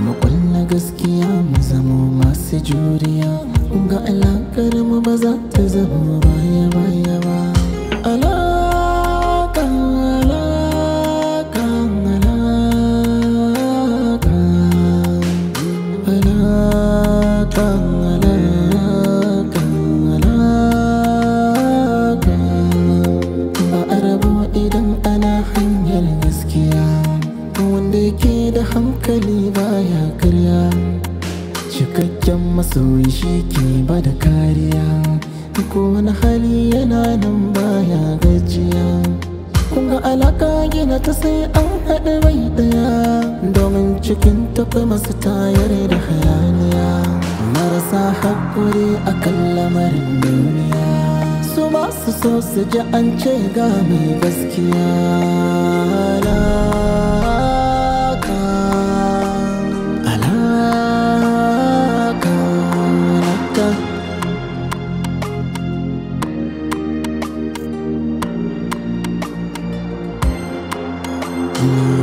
mu gaskiya mu zamo masu juriya ga alakar mu ba za ta zama baya baya wanda yake da hankali baya karya cikakken masoyi shi ke ba da kariya duk wani hali yana nan baya gajiya kuma alaka gina ta sai an haɗa bai ɗaya domin cikin tafi masu tayar da hayaniya marasa haƙuri a kan lamarin duniya su masu so su ji an ce ga mai gaskiya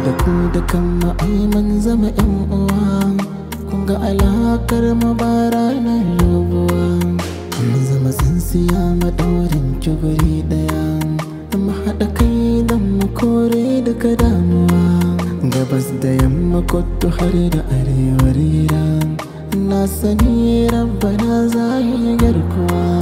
da ku da kama ai zama yan uwa kun ga alakar mabara na yabuwa rabuwa zama tsintsiya madaurin ki guri daya mu haɗa kai don mu kore daga damuwa gabas da yamma kotu har da arewar na sani rabba za yi garkuwa